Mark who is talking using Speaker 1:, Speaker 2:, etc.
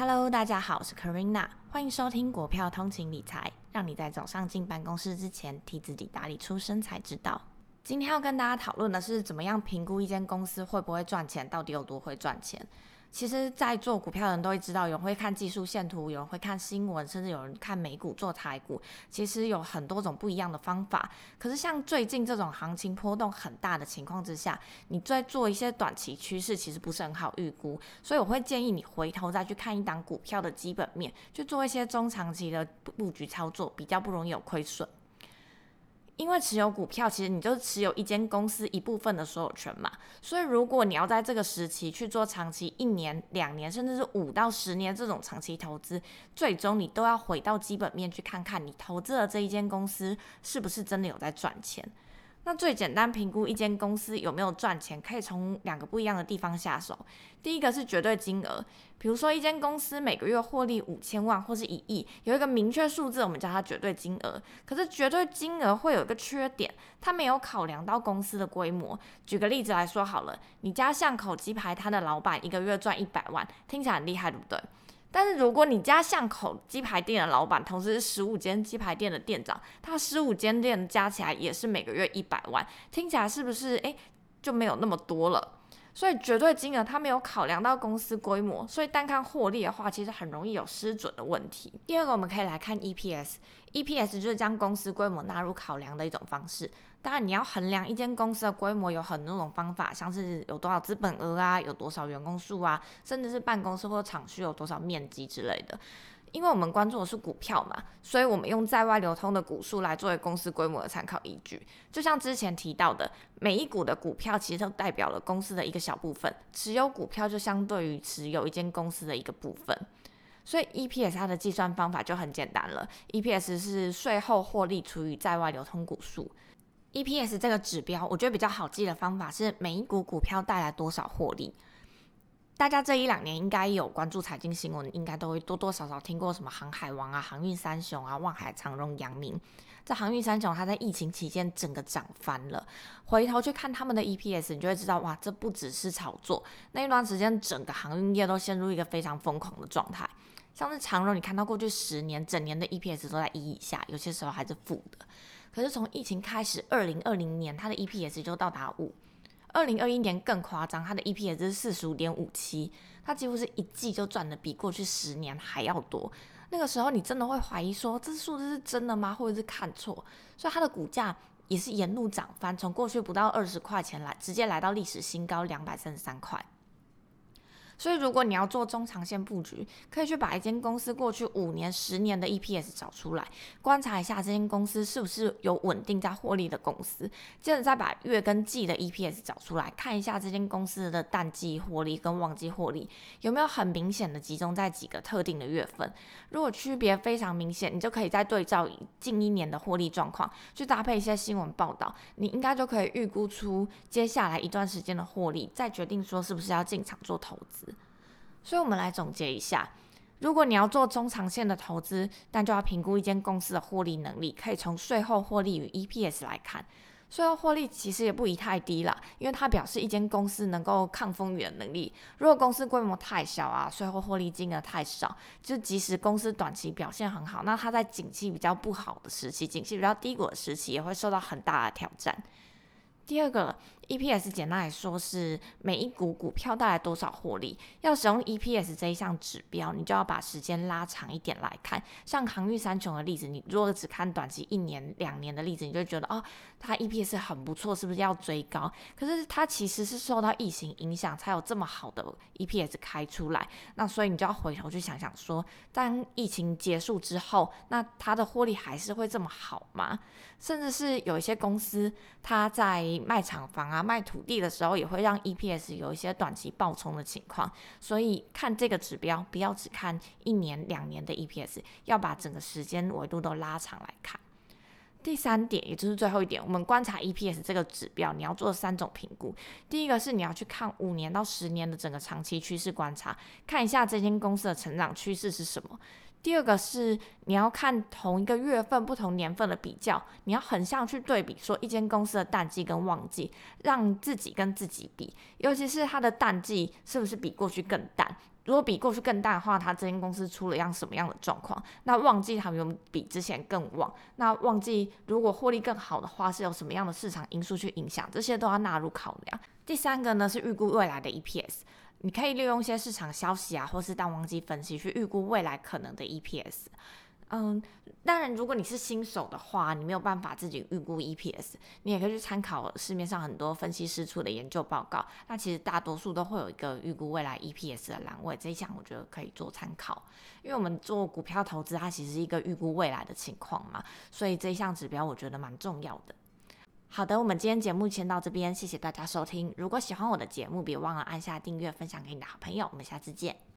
Speaker 1: Hello，大家好，我是 Karina。歡迎收聽國票通勤理財，讓你在早上進辦公室之前，替自己打理出生財之道。今天要跟大家討論的是，怎麼樣評估一間公司會不會賺錢，到底有多會賺錢。其實，在做股票的人都會知道，有人會看技術線圖，有人會看新聞，甚至有人看美股做台股。其實有很多種不一樣的方法。可是，像最近這種行情波動很大的情況之下，你在做一些短期趨勢，其實不是很好預估。所以，我會建議你回頭再去看一檔股票的基本面，去做一些中長期的布局操作，比較不容易有虧損。因為持有股票，其實你就是持有一間公司一部分的所有權嘛，所以如果你要在這個時期去做長期一年、兩年，甚至是五到十年這種長期投資，最終你都要回到基本面去看看你投資的這一間公司是不是真的有在賺錢。那最簡單評估一間公司有沒有賺錢，可以從兩個不一樣的地方下手。第一個是絕對金額，比如說一間公司每個月獲利五千萬或是一億，有一個明確數字，我們叫它絕對金額。可是絕對金額會有一個缺點，它沒有考量到公司的規模。舉個例子來說好了，你家巷口雞排攤的老板一個月賺一百萬，聽起來很厲害，對不對？但是如果你家巷口雞排店的老闆，同時是十五間雞排店的店長，他十五間店加起來也是每個月一百萬，聽起來是不是，哎，欸，就沒有那麼多了？所以絕對金額它沒有考量到公司規模，所以單看獲利的話，其實很容易有失準的問題。第二個，我們可以來看 EPS，EPS 就是將公司規模納入考量的一種方式。當然，你要衡量一間公司的規模有很多種方法，像是有多少資本額啊，有多少員工數啊，甚至是辦公室或廠區有多少面積之類的。因為我們關注的是股票嘛，所以我們用在外流通的股數來作為公司規模的參考依據。就像之前提到的，每一股的股票其實都代表了公司的一個小部分，持有股票就相對於持有一間公司的一個部分。所以 EPS 它的計算方法就很簡單了，EPS 是稅後獲利除以在外流通股數。EPS 這個指標，我覺得比較好記的方法是每一股股票帶來多少獲利。大家這一兩年應該有關注財經新聞，應該都會多多少少聽過什麼航海王啊、航運三雄啊、萬海長榮、陽明。這航運三雄，它在疫情期間整個漲翻了。回頭去看他們的 EPS，你就會知道，哇，這不只是炒作。那一段時間，整個航運業都陷入一個非常瘋狂的狀態。像是長榮，你看到過去十年整年的 EPS 都在一以下，有些時候還是負的。可是從疫情開始，二零二零年它的 EPS 就到達五。二零二一年更誇張，它的 EPS 是四十五點五七，它幾乎是一季就賺的比過去十年還要多。那個時候你真的會懷疑說，這數字是真的嗎？或者是看錯。所以它的股價也是沿路漲翻，從過去不到二十塊錢來，直接來到歷史新高兩百三十三塊。所以，如果你要做中長線布局，可以去把一間公司過去五年、十年的 EPS 找出來，觀察一下這間公司是不是有穩定在獲利的公司。接着再把月跟季的 EPS 找出來，看一下這間公司的淡季獲利跟旺季獲利有沒有很明顯的集中在幾個特定的月份。如果區別非常明顯，你就可以再對照近一年的獲利狀況，去搭配一些新聞報道，你應該就可以預估出接下來一段時間的獲利，再決定說是不是要進場做投資。所以我們來總結一下，如果你要做中長線的投資，但就要評估一間公司的獲利能力，可以從稅後獲利與 EPS 來看。稅後獲利其實也不宜太低了，因為它表示一間公司能夠抗風雨的能力。如果公司規模太小啊，稅後獲利金額太少，就即使公司短期表現很好，那它在景氣比較不好的時期，景氣比較低谷的時期也會受到很大的挑戰。第二個。EPS 簡單來說是每一股股票帶來多少獲利。要使用 EPS 這一項指標，你就要把時間拉長一點來看。像航運三雄的例子，你如果只看短期一年、兩年的例子，你就覺得哦，它 EPS 很不錯，是不是要追高？可是它其實是受到疫情影響，才有這麼好的 EPS 開出來。那所以你就要回頭去想想說，當疫情結束之後，那它的獲利還是會這麼好嗎？甚至是有一些公司，它在賣廠房啊。賣土地的時候，也會讓 EPS 有一些短期暴衝的情況，所以看這個指標，不要只看一年、兩年的 EPS，要把整個時間維度都拉長來看。第三點，也就是最後一點，我們觀察 EPS 這個指標，你要做三種評估。第一個是你要去看五年到十年的整個長期趨勢，觀察看一下這間公司的成長趨勢是什麼。第二個是你要看同一個月份不同年份的比較，你要橫向去對比，說一間公司的淡季跟旺季，讓自己跟自己比，尤其是它的淡季是不是比過去更淡？如果比過去更淡的話，它這間公司出了一樣什麼樣的狀況？那旺季它有沒比之前更旺？那旺季如果獲利更好的話，是有什麼樣的市場因素去影響？這些都要納入考量。第三個呢，是預估未來的 EPS。你可以利用一些市場消息啊，或是淡旺季分析去預估未來可能的 EPS。嗯，當然，如果你是新手的話，你沒有辦法自己預估 EPS，你也可以去參考市面上很多分析師出的研究報告。那其實大多數都會有一個預估未來 EPS 的欄位，這一項我覺得可以做參考。因為我們做股票投資，它其實是一個預估未來的情況嘛，所以這一項指標我覺得蠻重要的。好的，我們今天節目先到這邊，謝謝大家收聽。如果喜歡我的節目，別忘了按下訂閱，分享給你的好朋友。我們下次見。